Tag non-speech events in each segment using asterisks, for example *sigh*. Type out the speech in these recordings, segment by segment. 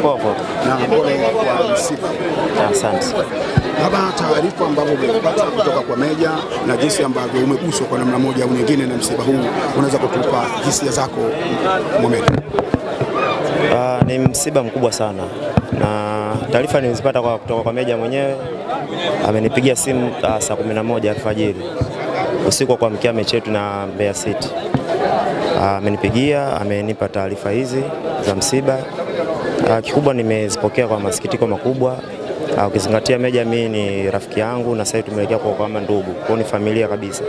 Popo. Na pole kwa msiba. Asante. Baba, taarifa ambavyo umepata kutoka kwa Meja na jinsi ambavyo umeguswa kwa namna moja au nyingine na msiba huu, unaweza kutupa hisia zako Mohamed? Uh, ni msiba mkubwa sana na taarifa nilizipata kwa kutoka kwa Meja mwenyewe. Amenipigia simu uh, saa moja alfajiri usiku wa kuamkia mechi yetu na Mbeya City. Ah, amenipigia, amenipa taarifa hizi za msiba. Ah, kikubwa nimezipokea kwa masikitiko makubwa, ah, ukizingatia Meja mimi ni rafiki yangu na sasa tumeelekea kwa kama ndugu, kwa ni familia kabisa,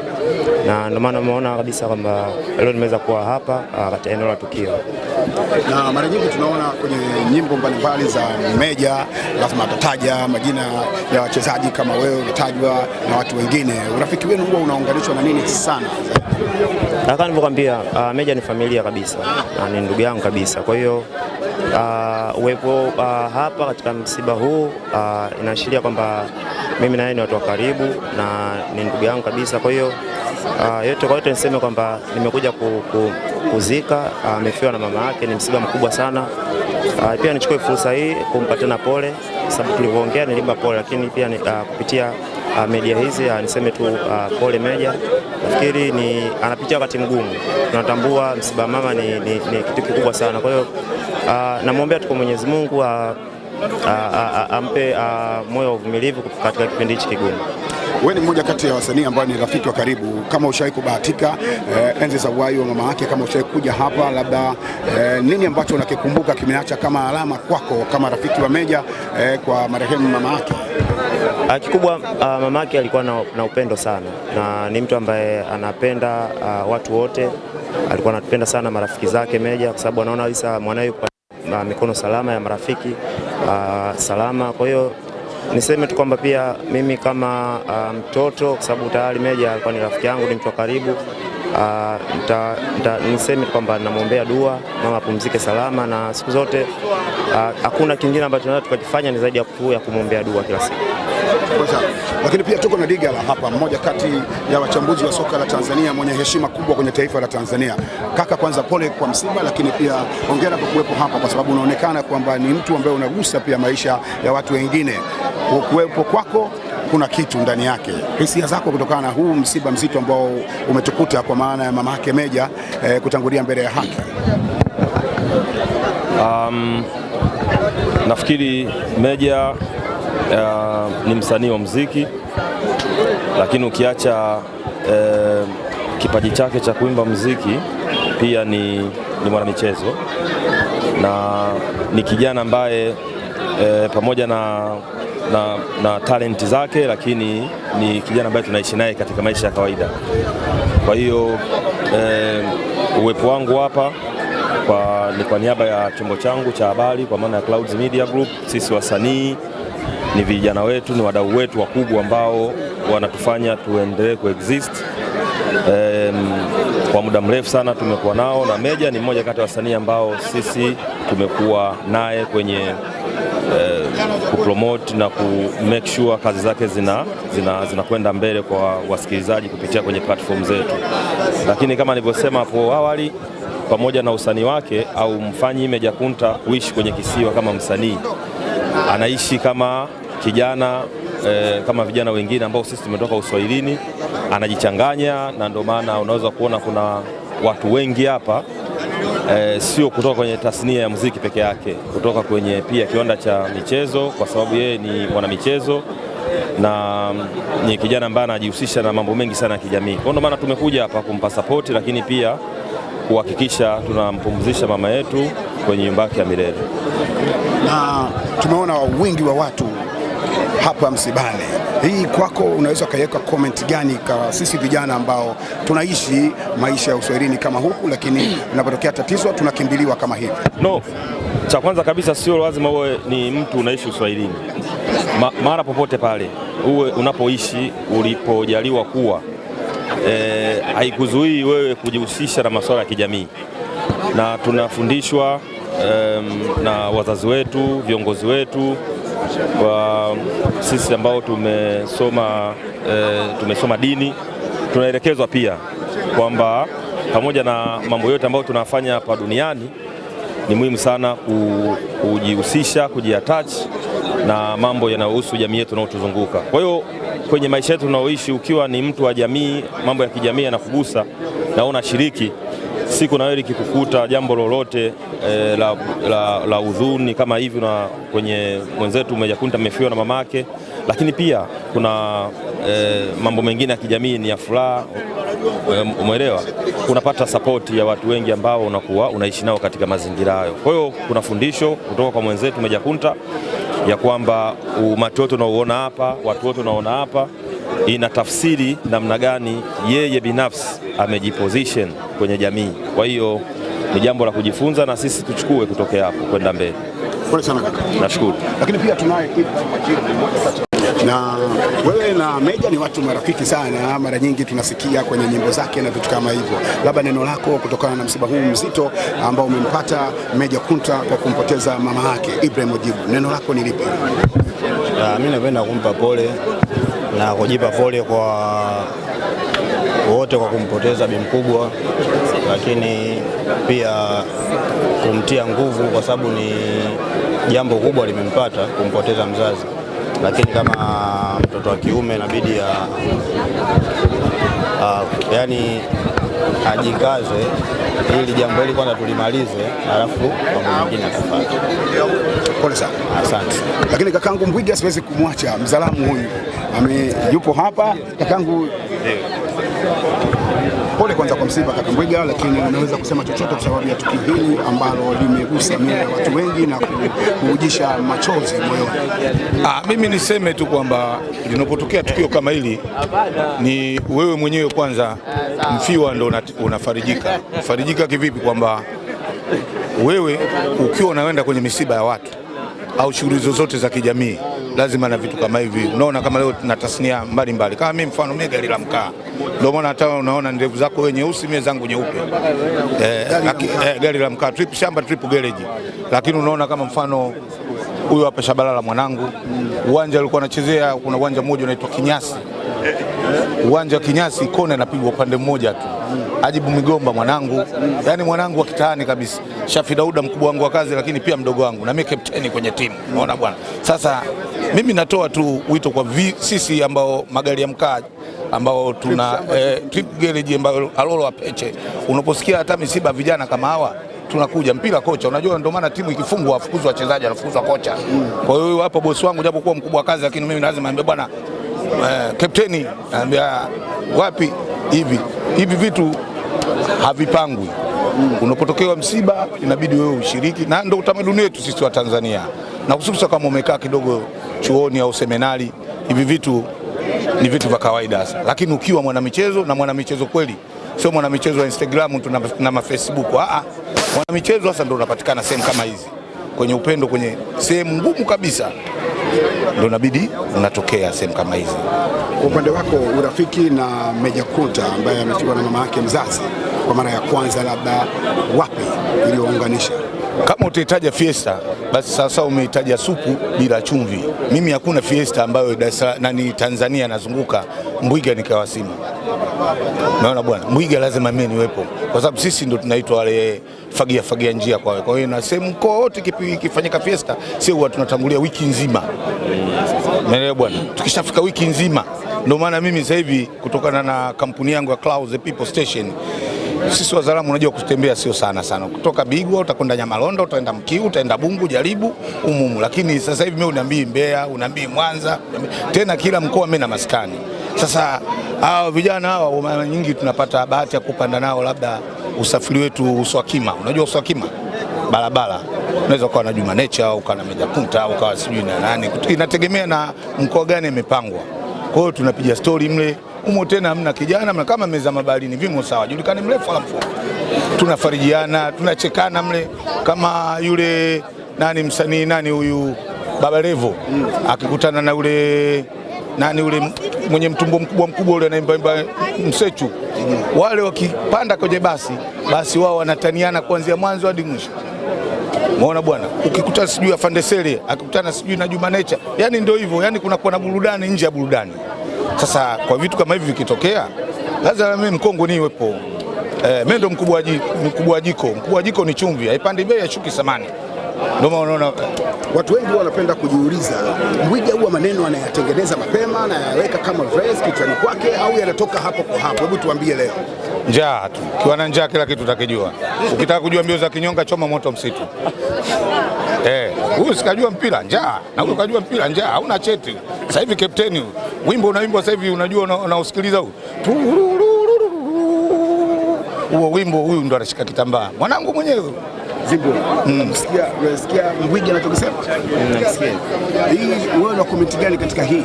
na ndio maana umeona kabisa kwamba leo nimeweza kuwa hapa ah, katika eneo la tukio. Na mara nyingi tunaona kwenye nyimbo mbalimbali za Meja lazima atataja majina ya wachezaji kama wewe umetajwa na watu wengine. Urafiki wenu huwa unaunganishwa na nini sana? Kama nilivyokuambia, Meja ni familia kabisa na ni ndugu yangu kabisa, kwa hiyo Uh, uwepo uh, hapa katika msiba huu uh, inaashiria kwamba mimi na yeye ni watu wa karibu na ni ndugu yangu kabisa. Kwa hiyo uh, yote kwa yote niseme kwamba nimekuja ku, ku, kuzika amefiwa uh, na mama yake. Ni msiba mkubwa sana uh, pia nichukue fursa hii kumpa tena pole, sababu tulivyoongea nilimba pole, lakini pia ni, uh, kupitia uh, media hizi uh, niseme tu uh, pole Meja. Nafikiri ni anapitia wakati mgumu, tunatambua msiba mama ni, ni, ni kitu kikubwa sana, kwa hiyo Ah, namwombea tuko Mwenyezi Mungu ampe moyo wa uvumilivu katika kipindi hichi kigumu. Wewe ni mmoja kati ya wasanii ambao ni rafiki wa karibu. Kama ushawahi kubahatika eh, enzi za uhai wa mama yake, kama ushawahi kuja hapa, labda eh, nini ambacho unakikumbuka kimeacha kama alama kwako kama rafiki wa Meja eh, kwa marehemu mama yake? Ah, kikubwa ah, mama yake alikuwa na, na upendo sana na ni mtu ambaye anapenda watu wote alikuwa anatupenda sana marafiki zake Meja, kwa sababu anaona kabisa mwanawe yuko mikono salama ya marafiki uh, salama. Kwa hiyo niseme tu kwamba pia mimi kama ah, mtoto um, kwa sababu tayari Meja alikuwa ni rafiki yangu, ni mtu wa karibu Ah, niseme kwamba namwombea dua mama apumzike salama, na siku zote ah, hakuna kingine ambacho tunaweza tukakifanya ni zaidi ya ya kumwombea dua kila siku. Lakini pia tuko na digala hapa, mmoja kati ya wachambuzi wa soka la Tanzania mwenye heshima kubwa kwenye taifa la Tanzania. Kaka, kwanza pole kwa msiba, lakini pia hongera kwa kuwepo hapa, kwa sababu unaonekana kwamba ni mtu ambaye unagusa pia maisha ya watu wengine kuwepo kwako kuna kitu ndani yake. Hisia zako kutokana na huu msiba mzito ambao umetukuta kwa maana ya mama yake Meja eh, kutangulia mbele ya haki? Um, nafikiri Meja uh, ni msanii wa muziki, lakini ukiacha uh, kipaji chake cha kuimba muziki, pia ni, ni mwanamichezo na ni kijana ambaye uh, pamoja na na, na talenti zake, lakini ni kijana ambaye tunaishi naye katika maisha ya kawaida. Kwa hiyo eh, uwepo wangu hapa kwa, ni kwa niaba ya chombo changu cha habari kwa maana ya Clouds Media Group. Sisi wasanii ni vijana wetu, ni wadau wetu wakubwa ambao wanatufanya tuendelee kuexist. eh, kwa muda mrefu sana tumekuwa nao, na Meja ni mmoja kati ya wasanii ambao sisi tumekuwa naye kwenye eh, kupromote na ku make sure kazi zake zinakwenda zina, zina mbele kwa wasikilizaji kupitia kwenye platform zetu, lakini kama nilivyosema hapo awali pamoja na usanii wake au mfanyi Meja Kunta kuishi kwenye kisiwa kama msanii, anaishi kama kijana e, kama vijana wengine ambao sisi tumetoka uswahilini anajichanganya, na ndio maana unaweza kuona kuna watu wengi hapa e, sio kutoka kwenye tasnia ya muziki peke yake, kutoka kwenye pia kiwanda cha michezo, kwa sababu yeye ni mwanamichezo na mm, ni kijana ambaye anajihusisha na mambo mengi sana ya kijamii. Kwa ndio maana tumekuja hapa kumpa sapoti, lakini pia kuhakikisha tunampumzisha mama yetu kwenye nyumba yake ya milele. Na tumeona wingi wa watu hapa msibane. Hii kwako unaweza ukaiweka comment gani kwa sisi vijana ambao tunaishi maisha ya uswahilini kama huku, lakini inapotokea tatizo tunakimbiliwa kama hivi? No, cha kwanza kabisa sio lazima uwe ni mtu unaishi uswahilini. Ma, mara popote pale uwe unapoishi, ulipojaliwa kuwa e, haikuzuii wewe kujihusisha na masuala ya kijamii, na tunafundishwa um, na wazazi wetu, viongozi wetu kwa sisi ambao tumesoma, e, tumesoma dini tunaelekezwa pia kwamba pamoja na mambo yote ambayo tunafanya hapa duniani ni muhimu sana kujihusisha, kujiattach na mambo yanayohusu jamii yetu inayotuzunguka. Kwa hiyo kwenye maisha yetu tunaoishi ukiwa ni mtu wa jamii, mambo ya kijamii yanakugusa na unashiriki siku na wewe likikukuta jambo lolote e, la, la, la udhuni kama hivi, na kwenye mwenzetu Meja Kunta amefiwa na mamake, lakini pia kuna e, mambo mengine ya kijamii ni ya furaha eh, umeelewa, unapata sapoti ya watu wengi ambao unakuwa unaishi nao katika mazingira hayo. Kwa hiyo kuna fundisho kutoka kwa mwenzetu Meja ya kwamba umati wote unaouona hapa, watu wote unaona hapa tafsiri namna gani yeye binafsi amejiposition kwenye jamii. Kwa hiyo ni jambo la kujifunza na sisi tuchukue kutokea hapo kwenda mbele. Pole sana kaka. Nashukuru. Lakini pia tunaye na wewe na Meja ni watu marafiki sana, mara nyingi tunasikia kwenye nyimbo zake na vitu kama hivyo. Labda neno lako kutokana na msiba huu mzito ambao umempata Meja Kunta kwa kumpoteza mama yake Ibrahim Ojibu, neno lako ni lipi? Ah, mimi napenda kumpa pole na kujipa pole kwa wote kwa kumpoteza bi mkubwa, lakini pia kumtia nguvu, kwa sababu ni jambo kubwa limempata kumpoteza mzazi, lakini kama mtoto wa kiume inabidi ya, yani ajikaze ili jambo hili kwanza tulimalize, alafu mambo mengine atafuata. Pole sana, asante. Lakini kakangu Mbwiga siwezi kumwacha, mzalamu huyu ame yupo hapa kakangu. Pole kwanza kwa msiba kaka Mbwiga, lakini unaweza kusema chochote kwa sababu ya tukio hili ambalo limegusa mioyo ya watu wengi na kuujisha machozi moyoni? Ah, mimi niseme tu kwamba linapotokea tukio kama hili ni wewe mwenyewe kwanza mfiwa ndo unafarijika. Unafarijika kivipi? Kwamba wewe ukiwa unaenda kwenye misiba ya watu au shughuli zozote za kijamii lazima na vitu kama hivi. Unaona kama leo na tasnia mbalimbali, kama mimi mfano, mimi gari la mkaa, ndio maana hata unaona ndevu zako wewe nyeusi, mimi zangu nyeupe eh, eh, gari la mkaa trip shamba trip garage. Lakini unaona kama mfano huyu hapa Shabalala mwanangu, uwanja alikuwa anachezea, kuna uwanja mmoja unaitwa Kinyasi uwanja wa Kinyasi kona inapigwa upande mmoja tu. Ajibu Migomba mwanangu, yani mwanangu wa kitaani kabisa, Shafi Dauda mkubwa wangu wa kazi, lakini pia mdogo wangu na mimi captain kwenye timu. Unaona bwana, sasa mimi natoa tu wito kwa vi, sisi ambao magari ya mkaa ambao tuna eh, trip garage ambayo alolo apeche, unaposikia hata misiba vijana kama hawa tunakuja mpira kocha, unajua ndio maana timu ikifungwa wafukuzwa wachezaji, anafukuzwa kocha. Mm. Kwa hiyo hapo bosi wangu, japokuwa mkubwa wa kazi, lakini mimi lazima niambie bwana kapteni eh, kapteni anambia wapi hivi hivi vitu havipangwi. Unapotokewa msiba inabidi wewe ushiriki, na ndio utamaduni wetu sisi wa Tanzania, na hususa kama umekaa kidogo chuoni au seminari, hivi vitu ni vitu vya kawaida sasa. Lakini ukiwa mwanamichezo na mwanamichezo kweli, sio mwanamichezo wa Instagram tu na mafacebook, a ah, ah. mwanamichezo sasa ndio unapatikana sehemu kama hizi, kwenye upendo, kwenye sehemu ngumu kabisa ndio nabidi unatokea sehemu kama hizi. Kwa upande wako urafiki na Meja Kunta ambaye amefiwa na mama yake mzazi kwa mara ya kwanza, labda wapi iliyounganisha? Kama utahitaja fiesta, basi sasa umehitaja supu bila chumvi. Mimi hakuna fiesta ambayo nani Tanzania nazunguka Mbwiga nikawasimu Naona bwana, Mbwiga lazima mimi niwepo, kwa sababu sisi ndo tunaitwa wale fagia fagia njia kwa. Kwa hiyo na sehemu kote ikifanyika fiesta, sio huwa tunatangulia wiki nzima, naelewa bwana. Tukishafika wiki nzima, ndio maana mimi sasa hivi kutokana na kampuni yangu ya Clouds People Station sisi wazalamu unajua kutembea sio sana sana, kutoka Bigwa utakwenda Nyamalondo, utaenda Mkiu, utaenda Bungu, jaribu umumu. Lakini sasa hivi mimi unaambii Mbeya, unaambii Mwanza, tena kila mkoa mimi na maskani. Sasa hao vijana hao mara nyingi tunapata bahati ya kupanda nao labda usafiri wetu Uswakima. Unajua Uswakima barabara unaweza ukawa na Juma Nature, ukawa na Meja Punta, ukawa sijui na nani, inategemea na mkoa gani imepangwa. Kwa hiyo tunapiga stori mle umo tena, hamna kijana mna kama meza mabalini vimo sawa, julikani mrefu wala mfupi, tunafarijiana tunachekana mle, kama yule nani msanii nani huyu Baba Levo mm. akikutana na ule nani ule mwenye mtumbo mkubwa mkubwa ule imba msechu mm. wale wakipanda kwenye basi basi wao wanataniana kuanzia mwanzo hadi mwisho. Umeona bwana, ukikutana sijui afande Sele akikutana sijui na Juma Nature, yani ndio hivyo, yani kunakuwa na burudani nje ya burudani. Sasa kwa vitu kama hivi vikitokea, lazima mimi mkongwe niwepo. Eh, mimi ndo mkubwa wa jiko. Mkubwa wa jiko ni chumvi, haipandi bei, haishuki samani. Ndio maana unaona eh. watu wengi wanapenda kujiuliza, Mwiga huwa maneno anayatengeneza mapema na yaweka kama verse kichwani kwake au yanatoka hapo kwa hapo? Hebu tuambie leo. Njaa tu, ukiwa na njaa kila kitu utakijua. Ukitaka kujua mbio za kinyonga, choma moto msitu. Eh, huyu sikajua mpira njaa, na huyu kajua mpira njaa, hauna cheti. Sasa hivi kapteni huyu wimbo unaimbwa sasa hivi, unajua unaosikiliza huu huo wimbo, huyu ndo anashika kitambaa, mwanangu mwenyewe mm. Unasikia Mgwiji mm, Hii Wewe una comment gani katika hii?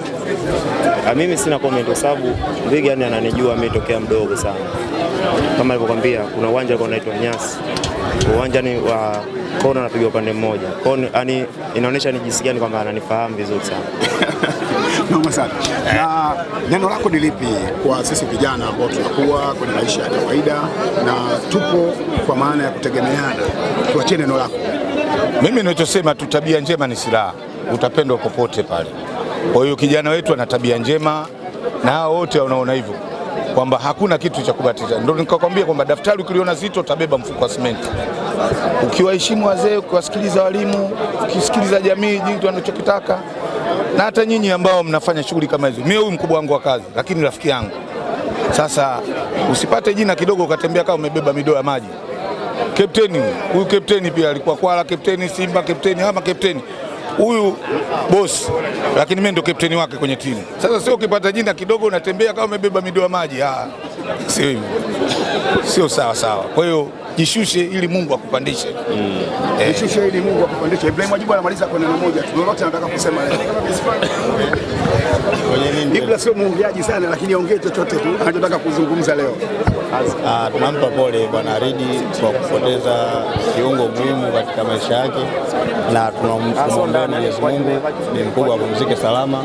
Ah, mimi sina comment kwa sababu Mgwiji yani ananijua mimi tokea mdogo sana, kama alivyokwambia, kuna uwanja unaitwa Nyasi, uwanja ni wa kona, anapiga upande mmoja, yani inaonyesha ni jinsi gani kwamba ananifahamu vizuri sana *laughs* noma sana. Na neno lako ni lipi kwa sisi vijana ambao tunakuwa kwenye maisha ya kawaida na tupo kwa maana ya kutegemeana? Tuachie neno lako. Mimi ninachosema tu, tabia njema ni silaha, utapendwa popote pale. Kwa hiyo kijana wetu ana tabia njema, na hao wote wanaona hivyo kwamba hakuna kitu cha kubatiza Ndio nikakwambia kwamba daftari ukiliona zito utabeba mfuko wa simenti. Ukiwaheshimu wazee, ukiwasikiliza walimu, ukisikiliza jamii jinsi wanachokitaka na hata nyinyi ambao mnafanya shughuli kama hizo. Mimi huyu mkubwa wangu wa kazi, lakini rafiki yangu. Sasa usipate jina kidogo ukatembea kama umebeba midoo ya maji. Kapteni huyu, kapteni pia alikuwa Kwala, kapteni Simba, kapteni ama kapteni huyu bosi, lakini mimi ndo kapteni wake kwenye timu. Sasa sio ukipata jina kidogo unatembea kama umebeba midoa maji, ah, sio hivyo, sio sawa sawa. Kwa hiyo jishushe ili Mungu akupandishe. Mm. Eh. Jishushe ili Mungu akupandishe. Ibrahim Ajibu anamaliza kwa neno moja, lolote anataka kusema leo *laughs* Ibra sio muongeaji sana, lakini aongee chochote tu anachotaka kuzungumza leo. Ah, tunampa pole bwana aridi kwa kupoteza kiungo muhimu katika maisha yake, na tunamwombea Mwenyezi Mungu ni mkubwa, apumzike salama.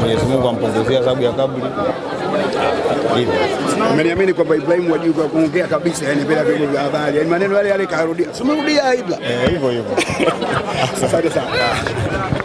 Mwenyezi Mungu ampunguzia adhabu ya kaburi. Ameniamini kwamba Ibrahim wajui kwa kuongea kabisa, yani bila vyombo vya habari, yani maneno yale yale karudia, simerudia Ibra eh, hivyo hivyo. *laughs* Asante sana.